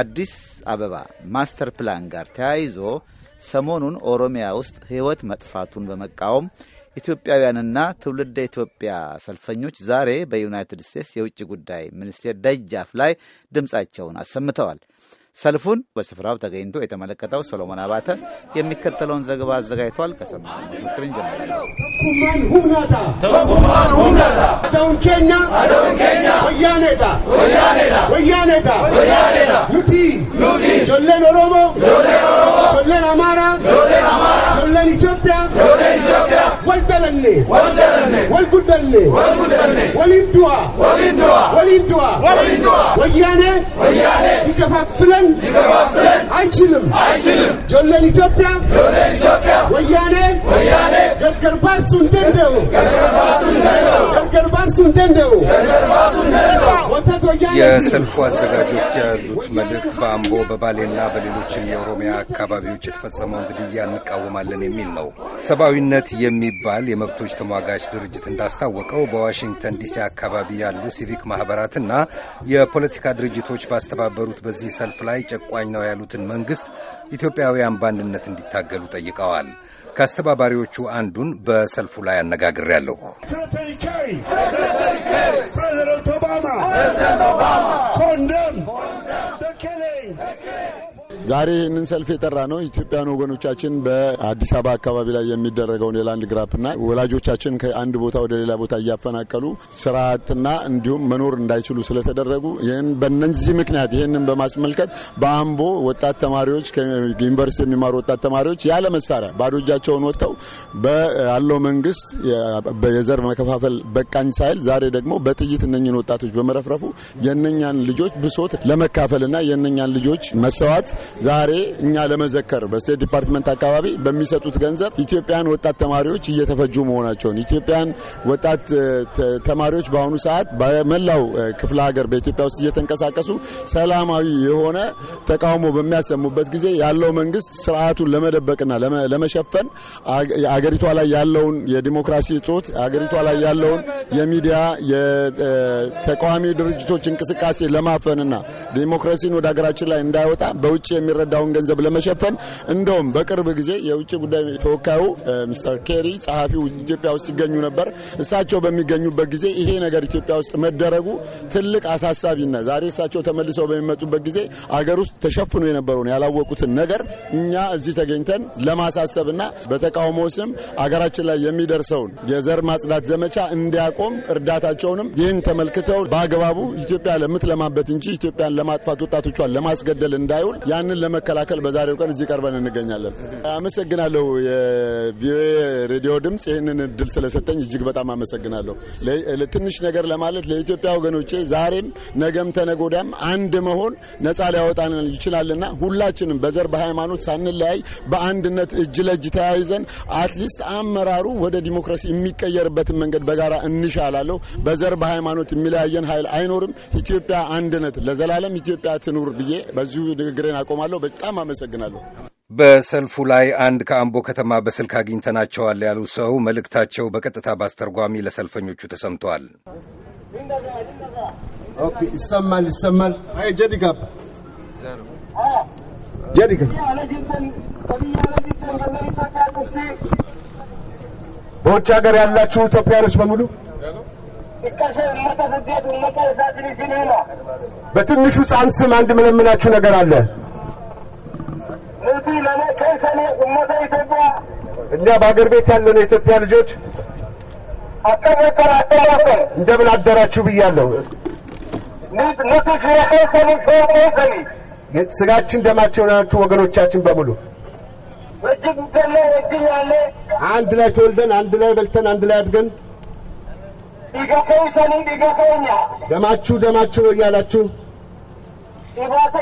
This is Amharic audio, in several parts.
አዲስ አበባ ማስተር ፕላን ጋር ተያይዞ ሰሞኑን ኦሮሚያ ውስጥ ሕይወት መጥፋቱን በመቃወም ኢትዮጵያውያንና ትውልደ ኢትዮጵያ ሰልፈኞች ዛሬ በዩናይትድ ስቴትስ የውጭ ጉዳይ ሚኒስቴር ደጃፍ ላይ ድምፃቸውን አሰምተዋል። ሰልፉን በስፍራው ተገኝቶ የተመለከተው ሰሎሞን አባተ የሚከተለውን ዘገባ አዘጋጅቷል። ከሰማ ምክክር እንጀምራለን። ሊገባን አይችልም። ጆለን ኢትዮጵያ ወያኔ ገርገር እንደንደው ገርገር እንደንደው የሰልፉ አዘጋጆች የያዙት መልእክት በአምቦ በባሌና በሌሎችም የኦሮሚያ አካባቢዎች የተፈጸመውን ግድያ እንቃወማለን የሚል ነው። ሰብአዊነት የሚባል የመብቶች ተሟጋች ድርጅት እንዳስታወቀው በዋሽንግተን ዲሲ አካባቢ ያሉ ሲቪክ ማህበራትና የፖለቲካ ድርጅቶች ባስተባበሩት በዚህ ሰልፍ ላይ ላይ ጨቋኝ ነው ያሉትን መንግሥት ኢትዮጵያውያን በአንድነት እንዲታገሉ ጠይቀዋል። ከአስተባባሪዎቹ አንዱን በሰልፉ ላይ አነጋግሬያለሁ። ፕሬዚደንት ኦባማ ዛሬ ይህንን ሰልፍ የጠራ ነው ኢትዮጵያን ወገኖቻችን በአዲስ አበባ አካባቢ ላይ የሚደረገውን የላንድ ግራፕና ወላጆቻችን ከአንድ ቦታ ወደ ሌላ ቦታ እያፈናቀሉ ስርዓትና እንዲሁም መኖር እንዳይችሉ ስለተደረጉ ይህን በነዚህ ምክንያት ይህንን በማስመልከት በአምቦ ወጣት ተማሪዎች ዩኒቨርሲቲ የሚማሩ ወጣት ተማሪዎች ያለ መሳሪያ ባዶ እጃቸውን ወጥተው ያለው መንግስት የዘር መከፋፈል በቃኝ ሳይል ዛሬ ደግሞ በጥይት እነኝን ወጣቶች በመረፍረፉ የእነኛን ልጆች ብሶት ለመካፈልና የእነኛን ልጆች መሰዋት ዛሬ እኛ ለመዘከር በስቴት ዲፓርትመንት አካባቢ በሚሰጡት ገንዘብ ኢትዮጵያን ወጣት ተማሪዎች እየተፈጁ መሆናቸውን ኢትዮጵያን ወጣት ተማሪዎች በአሁኑ ሰዓት በመላው ክፍለ ሀገር በኢትዮጵያ ውስጥ እየተንቀሳቀሱ ሰላማዊ የሆነ ተቃውሞ በሚያሰሙበት ጊዜ ያለው መንግስት ስርዓቱን ለመደበቅና ለመሸፈን አገሪቷ ላይ ያለውን የዲሞክራሲ እጦት አገሪቷ ላይ ያለውን የሚዲያ የተቃዋሚ ድርጅቶች እንቅስቃሴ ለማፈንና ዲሞክራሲን ወደ ሀገራችን ላይ እንዳይወጣ በውጭ የሚረዳውን ገንዘብ ለመሸፈን እንደውም በቅርብ ጊዜ የውጭ ጉዳይ ተወካዩ ሚስተር ኬሪ ጸሐፊው ኢትዮጵያ ውስጥ ይገኙ ነበር። እሳቸው በሚገኙበት ጊዜ ይሄ ነገር ኢትዮጵያ ውስጥ መደረጉ ትልቅ አሳሳቢና ዛሬ እሳቸው ተመልሰው በሚመጡበት ጊዜ አገር ውስጥ ተሸፍኖ የነበረውን ያላወቁትን ነገር እኛ እዚህ ተገኝተን ለማሳሰብና በተቃውሞ ስም አገራችን ላይ የሚደርሰውን የዘር ማጽዳት ዘመቻ እንዲያቆም እርዳታቸውንም ይህን ተመልክተው በአግባቡ ኢትዮጵያ ለምትለማበት እንጂ ኢትዮጵያን ለማጥፋት ወጣቶቿን ለማስገደል እንዳይውል ያንን ይህንን ለመከላከል በዛሬው ቀን እዚህ ቀርበን እንገኛለን። አመሰግናለሁ። የቪኦኤ ሬዲዮ ድምፅ ይህንን እድል ስለሰጠኝ እጅግ በጣም አመሰግናለሁ። ትንሽ ነገር ለማለት ለኢትዮጵያ ወገኖቼ ዛሬም ነገም ተነጎዳም አንድ መሆን ነጻ ሊያወጣን ይችላልና ሁላችንም በዘር በሃይማኖት ሳንለያይ በአንድነት እጅ ለእጅ ተያይዘን አትሊስት አመራሩ ወደ ዲሞክራሲ የሚቀየርበትን መንገድ በጋራ እንሻላለሁ። በዘር በሃይማኖት የሚለያየን ኃይል አይኖርም። ኢትዮጵያ አንድነት ለዘላለም ኢትዮጵያ ትኑር ብዬ በዚሁ ንግግሬን አቆማለሁ። አቆማለሁ። በጣም አመሰግናለሁ። በሰልፉ ላይ አንድ ከአምቦ ከተማ በስልክ አግኝተናቸዋል ያሉ ሰው መልእክታቸው በቀጥታ በአስተርጓሚ ለሰልፈኞቹ ተሰምተዋል። ይሰማል ይሰማል። ጀዲካፕ በውጭ ሀገር ያላችሁ ኢትዮጵያኖች በሙሉ በትንሹ ጻንስም አንድ ምለምናችሁ ነገር አለ እኛ በአገር ቤት ያለን የኢትዮጵያ ልጆች እንደምን አደራችሁ ብያለሁ። ስጋችን ደማችን የሆናችሁ ወገኖቻችን በሙሉ አንድ ላይ ተወልደን አንድ ላይ በልተን አንድ ላይ አድገን ደማችሁ ደማችሁ ነው እያላችሁ ችግራችሁ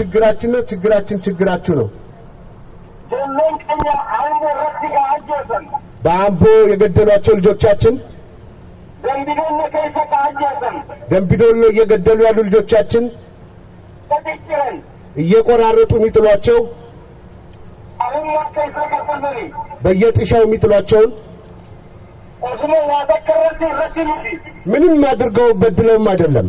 ችግራችን ነው። ችግራችን ችግራችሁ ነው። በአምቦ የገደሏቸው ልጆቻችን ደንቢዶሎ እየገደሉ ያሉ ልጆቻችን እየቆራረጡ የሚጥሏቸው በየጥሻው የሚጥሏቸውን ምንም አድርገው በድለውም አይደለም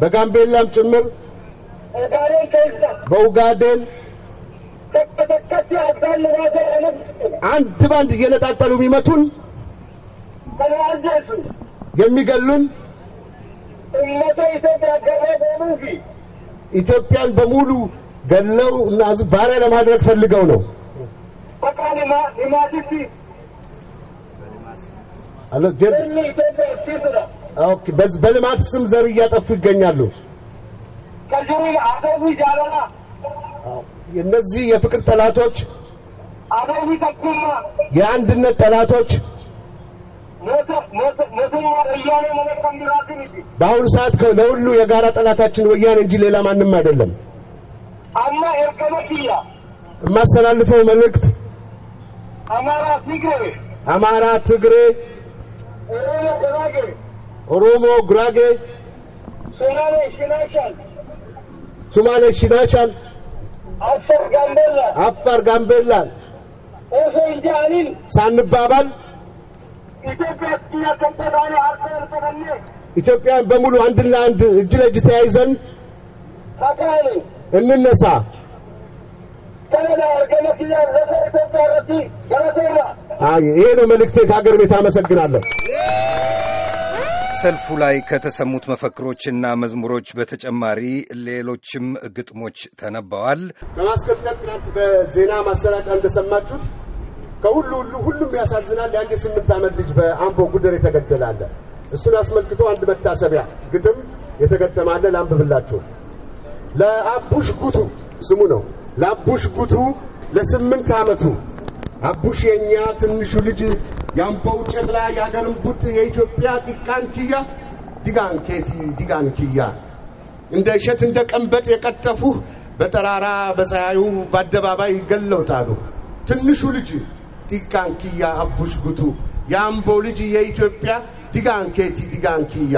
በጋምቤላም ጭምር በኡጋዴን አንድ ባንድ እየነጣጠሉ የሚመቱን የሚገሉን ኢትዮጵያን በሙሉ ገለው እና ባሪያ ለማድረግ ፈልገው ነው። አለ ኦኬ። በልማት ስም ዘር እያጠፉ ይገኛሉ። እነዚህ የፍቅር ጠላቶች፣ የአንድነት ጠላቶች በአሁኑ ሰዓት ለሁሉ የጋራ ጠላታችን ወያኔ እንጂ ሌላ ማንም አይደለም። የማስተላልፈው መልእክት አማራ፣ ትግሬ፣ አማራ፣ ትግሬ ኦሮሞ፣ ጉራጌ፣ ሱማሌ፣ ሽናሻል፣ አፋር፣ ጋምቤላን ሳንባባል ኢትዮጵያን በሙሉ አንድና አንድ እጅ ለእጅ ተያይዘን እንነሳ። ይሄ ነው መልእክቴ። ከሀገር ቤት አመሰግናለሁ። ሰልፉ ላይ ከተሰሙት መፈክሮችና መዝሙሮች በተጨማሪ ሌሎችም ግጥሞች ተነበዋል። በማስከተል ትናንት በዜና ማሰራጫ እንደሰማችሁት ከሁሉ ሁሉ ሁሉም ያሳዝናል። የአንድ የስምንት ዓመት ልጅ በአምቦ ጉደር የተገደላለ እሱን አስመልክቶ አንድ መታሰቢያ ግጥም የተገጠማለ ላንብብላችሁ። ለአቡሽ ጉቱ ስሙ ነው። ለአቡሽ ጉቱ ለስምንት ዓመቱ አቡሽ የእኛ ትንሹ ልጅ የአምባው ጨቅላ ያገርምቡት የኢትዮጵያ ጢቃንኪያ ዲጋን ዲጋንኪያ እንደ እሸት እንደ ቀንበጥ የቀጠፉ በጠራራ በፀያዩ በአደባባይ ገለውታሉ። ትንሹ ልጅ ጢቃንኪያ አቡሽ ጉቱ የአምባው ልጅ የኢትዮጵያ ዲጋን ዲጋንኪያ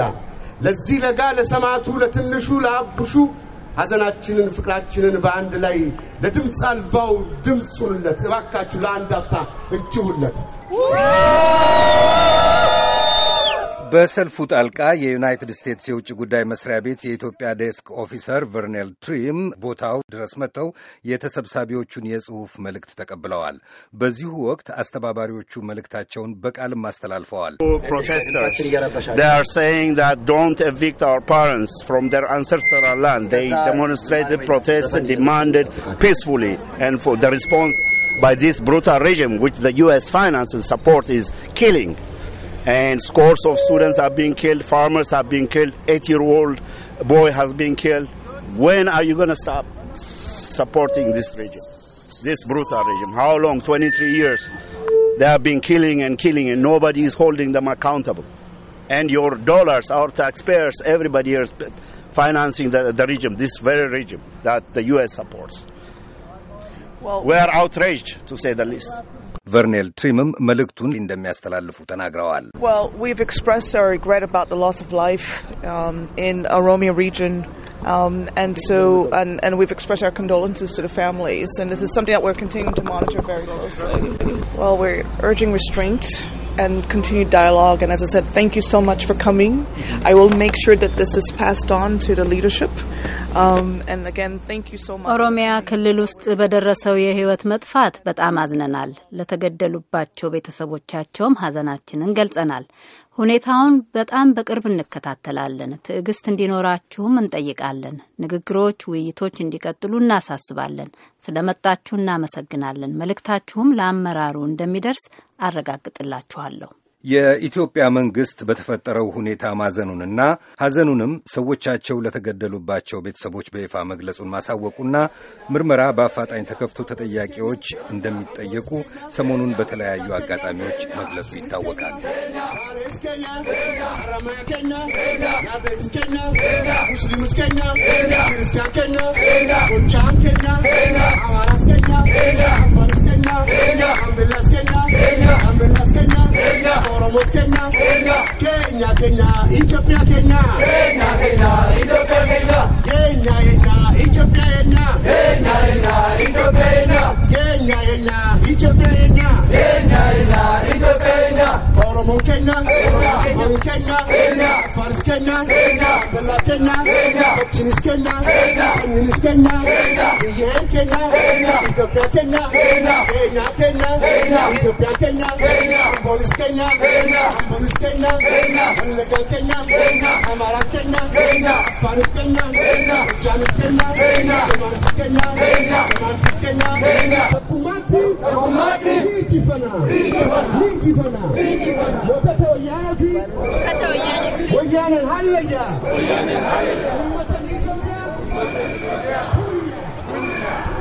ለዚህ ለጋ ለሰማቱ ለትንሹ ለአቡሹ ሐዘናችንን ፍቅራችንን በአንድ ላይ ለድምፅ አልባው ድምፁንለት እባካችሁ ለአንድ አፍታ እጅሁለት በሰልፉ ጣልቃ የዩናይትድ ስቴትስ የውጭ ጉዳይ መስሪያ ቤት የኢትዮጵያ ዴስክ ኦፊሰር ቨርኔል ትሪም ቦታው ድረስ መጥተው የተሰብሳቢዎቹን የጽሑፍ መልእክት ተቀብለዋል። በዚሁ ወቅት አስተባባሪዎቹ መልእክታቸውን በቃልም አስተላልፈዋል። ፕሮቴስተርስ and scores of students are being killed, farmers are being killed, eight-year-old boy has been killed. When are you going to stop supporting this regime, this brutal regime? How long? 23 years. They have been killing and killing, and nobody is holding them accountable. And your dollars, our taxpayers, everybody is financing the, the regime, this very regime that the U.S. supports. Well, we are outraged, to say the least. ቨርኔል ትሪምም መልእክቱን እንደሚያስተላልፉ ተናግረዋል። ኦሮሚያ and continued dialogue. And as I said, thank you so much for coming. I will make sure that this is passed on to the leadership. Um, and again, thank you so much. ኦሮሚያ ክልል ውስጥ በደረሰው የህይወት መጥፋት በጣም አዝነናል። ለተገደሉባቸው ቤተሰቦቻቸውም ሀዘናችንን ገልጸናል። ሁኔታውን በጣም በቅርብ እንከታተላለን። ትዕግስት እንዲኖራችሁም እንጠይቃለን። ንግግሮች፣ ውይይቶች እንዲቀጥሉ እናሳስባለን። ስለመጣችሁ እናመሰግናለን። መልእክታችሁም ለአመራሩ እንደሚደርስ አረጋግጥላችኋለሁ። የኢትዮጵያ መንግሥት በተፈጠረው ሁኔታ ማዘኑንና ሐዘኑንም ሰዎቻቸው ለተገደሉባቸው ቤተሰቦች በይፋ መግለጹን ማሳወቁና ምርመራ በአፋጣኝ ተከፍቶ ተጠያቂዎች እንደሚጠየቁ ሰሞኑን በተለያዩ አጋጣሚዎች መግለጹ ይታወቃል። ሙስሊም Kenya, ambulance Kenya, Kenya, ambulance Kenya, Kenya, Oromos Kenya, Kenya, Kenya, Kenya, Ethiopia Kenya, Kenya, Kenya, Ethiopia Kenya, Kenya, Kenya, Ethiopia Kenya, Kenya, Kenya, Ethiopia Kenya, Kenya, Kenya, Ethiopia Kenya, Kenya, Kenya, Ethiopia Kenya, Oromo Kenya, Kenya, Kenya, Kenya, is Kenya, the last Kenya, the chin is Kenya, the chin is Kenya, the year Kenya, the prayer Kenya, Kenya, Kenya, the prayer Kenya, born is Kenya, born is Kenya, and the girl Kenya, Amara Kenya, Far is Kenya, Kenya, the man is Kenya, the Kenya. 你几份啊？我这头羊群，我羊呢？哪里去啊？